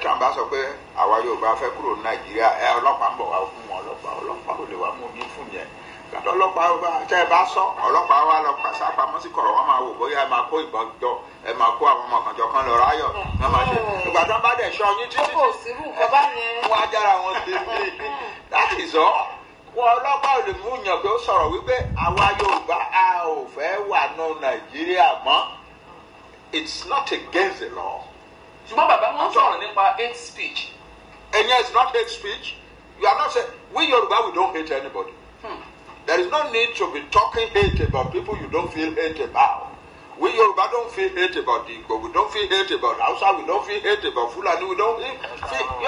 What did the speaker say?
Trump bá sọ pé àwa Yorùbá fẹ́ kúrò ní Nàìjíríà ẹ ọlọ́pàá ń bọ̀ wá fún wọn ọlọ́pàá ọlọ́pàá ò lè wá mú mi fún yẹn gbàtọ́ ọlọ́pàá tẹ́ ẹ bá sọ ọlọ́pàá wa lọ pàṣẹ àpamọ́ sí kọ̀rọ̀ wọn máa wò bóyá ẹ máa kó ìbọn jọ ẹ máa kó àwọn ọmọ kànjọ kan lọ ráyọ̀ wọn máa ṣe oh. ìgbà bá dẹ̀ sọ yín títí wọn ajára wọn sí i láti sọ wọn ọlọ́pàá ò lè mú yàn pé ó sọ̀rọ̀ wípé àwa Yorùbá a ò fẹ́ wà nù Nàìjíríà mọ́ it's not against the law. ṣùgbọ́n bàbá wọn sọ̀rọ̀ nípa hate speech. and yes not hate speech you are not saying we Yoruba we don't hate anybody. Hmm. There is no need to be talking hate about people you don't feel hate about. We Yoruba don't feel hate about the Igbo, we don't feel hate about Hausa, we don't feel hate about Fulani, we don't feel,